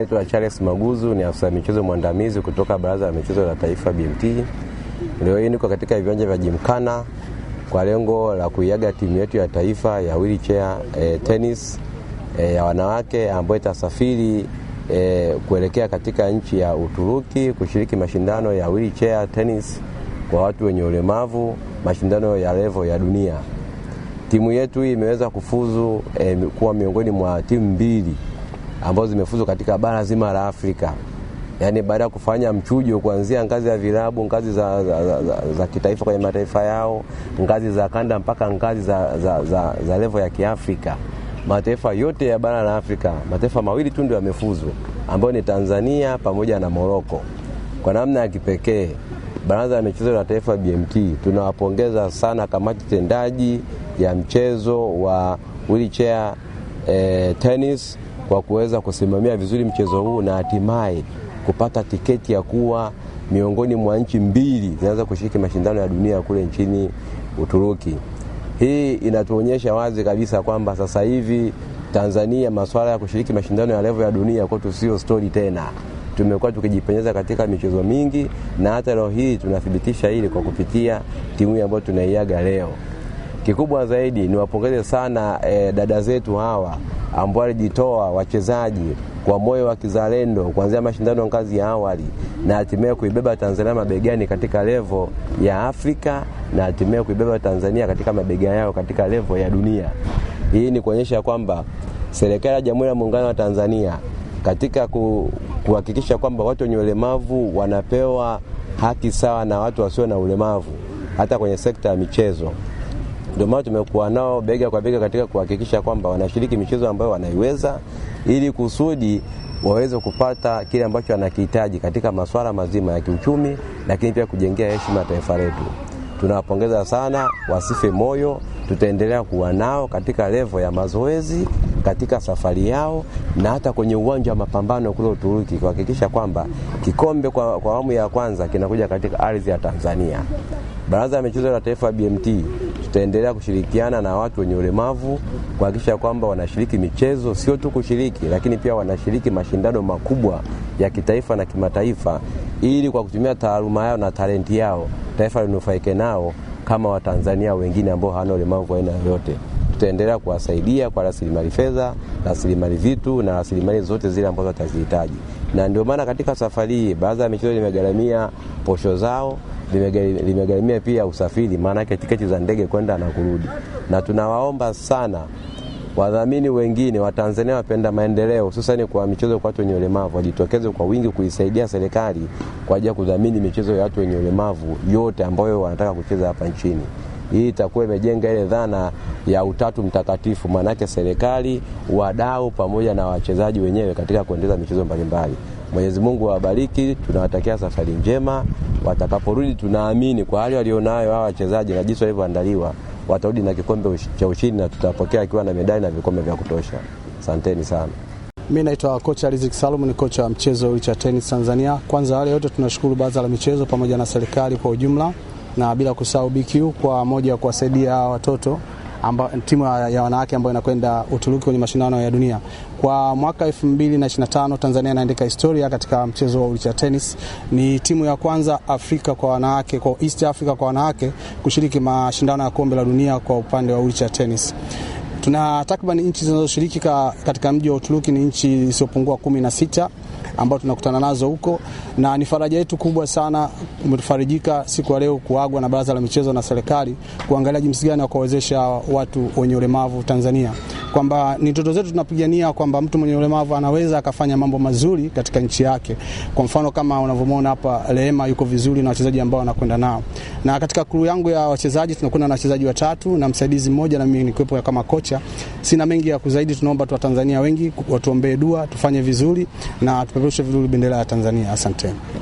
Naitwa Charles Maguzu, ni afisa michezo mwandamizi kutoka Baraza la Michezo la Taifa BMT. Leo hii niko katika viwanja vya jimkana kwa lengo la kuiaga timu yetu ya taifa ya wheelchair eh, tennis eh, ya wanawake ambayo itasafiri eh, kuelekea katika nchi ya Uturuki kushiriki mashindano ya wheelchair tennis kwa watu wenye ulemavu, mashindano ya levo ya dunia. Timu yetu hii imeweza kufuzu eh, kuwa miongoni mwa timu mbili ambazo zimefuzu katika bara zima la Afrika. Yaani baada ya kufanya mchujo kuanzia ngazi ya vilabu, ngazi za, za, za, za, za kitaifa kwenye mataifa yao, ngazi za kanda mpaka ngazi za, za, za, za levo ya Kiafrika, mataifa yote ya bara la Afrika, mataifa mawili tu ndio yamefuzu ambayo ni Tanzania pamoja na Moroko. Kwa namna ya kipekee Baraza la Michezo la Taifa BMT tunawapongeza sana kamati tendaji ya mchezo wa wheelchair eh, tennis kwa kuweza kusimamia vizuri mchezo huu na hatimaye kupata tiketi ya kuwa miongoni mwa nchi mbili zinaweza kushiriki mashindano ya dunia kule nchini Uturuki. Hii inatuonyesha wazi kabisa kwamba sasa hivi Tanzania, masuala ya kushiriki mashindano ya levo ya dunia kwetu sio stori tena. Tumekuwa tukijipenyeza katika michezo mingi, na hata leo hii tunathibitisha hili kwa kupitia timu ambayo tunaiaga leo. Kikubwa zaidi niwapongeze sana e, dada zetu hawa ambao walijitoa wachezaji kwa moyo wa kizalendo kuanzia mashindano ngazi ya awali na hatimaye kuibeba Tanzania mabegani katika levo ya Afrika na hatimaye kuibeba Tanzania katika mabega yao katika levo ya dunia. Hii ni kuonyesha kwamba serikali ya Jamhuri ya Muungano wa Tanzania katika kuhakikisha kwamba watu wenye ulemavu wanapewa haki sawa na watu wasio na ulemavu hata kwenye sekta ya michezo. Ndio maana tumekuwa nao bega kwa bega katika kuhakikisha kwamba wanashiriki michezo ambayo wanaiweza ili kusudi waweze kupata kile ambacho wanakihitaji katika masuala mazima ya kiuchumi, lakini pia kujengea heshima ya taifa letu. Tunawapongeza sana, wasife moyo. Tutaendelea kuwa nao katika levo ya mazoezi, katika safari yao na hata kwenye uwanja wa mapambano kule Uturuki, kuhakikisha kwamba kikombe kwa awamu ya kwanza kinakuja katika ardhi ya Tanzania. Baraza la Michezo la Taifa BMT tutaendelea kushirikiana na watu wenye ulemavu kuhakikisha kwamba wanashiriki michezo, sio tu kushiriki, lakini pia wanashiriki mashindano makubwa ya kitaifa na kimataifa, ili kwa kutumia taaluma yao na talenti yao taifa linufaike nao kama Watanzania wengine ambao hawana ulemavu wa aina yoyote. Tutaendelea kuwasaidia kwa rasilimali fedha, rasilimali vitu na rasilimali zote zile ambazo watazihitaji, na ndio maana katika safari hii baadhi ya michezo imegharamia posho zao limegarimia pia usafiri, maana yake tiketi za ndege kwenda na kurudi, na tunawaomba sana wadhamini wengine Watanzania wapenda maendeleo, hususani kwa michezo kwa watu wenye ulemavu wajitokeze kwa wingi kuisaidia serikali kwa ajili ya kudhamini michezo ya watu wenye ulemavu yote ambayo wanataka kucheza hapa nchini. Hii itakuwa imejenga ile dhana ya utatu mtakatifu, maanake serikali, wadau pamoja na wachezaji wenyewe katika kuendeleza michezo mbalimbali. Mwenyezi Mungu awabariki, tunawatakia safari njema. Watakaporudi tunaamini kwa hali walionayo hawa wachezaji na jinsi walivyoandaliwa watarudi na kikombe cha ushindi na tutapokea akiwa na medali na vikombe vya kutosha. Asanteni sana. Mi naitwa kocha Rizik Salum, ni kocha wa mchezo cha tenis Tanzania. Kwanza wale wote tunashukuru Baraza la Michezo pamoja na serikali kwa ujumla, na bila kusahau BQ kwa moja ya kuwasaidia watoto amba, timu ya wanawake ambayo inakwenda Uturuki kwenye mashindano ya dunia kwa mwaka 2025. Tanzania inaandika historia katika mchezo wa wheelchair tennis. Ni timu ya kwanza Afrika kwa wanawake, kwa East Africa kwa wanawake kushiriki mashindano ya kombe la dunia kwa upande wa wheelchair tennis. Tuna takriban nchi zinazoshiriki katika mji wa Uturuki ni nchi isiyopungua kumi na sita ambao tunakutana nazo huko, na ni faraja yetu kubwa sana. Umetufarijika siku ya leo kuagwa na Baraza la Michezo na serikali kuangalia jinsi gani wakawezesha watu wenye ulemavu Tanzania, kwamba ni ndoto zetu tunapigania kwamba mtu mwenye ulemavu anaweza akafanya mambo mazuri katika nchi yake. Kwa mfano kama unavyomwona hapa, Rehema yuko vizuri na wachezaji ambao wanakwenda nao, na katika kuru yangu ya wachezaji tunakwenda na wachezaji watatu na msaidizi mmoja, na mimi nikiwepo kama kocha. Sina mengi ya kuzaidi, tunaomba tu Watanzania wengi watuombee dua, tufanye vizuri na tupepe tupeperushe vizuri bendera ya Tanzania. Asante.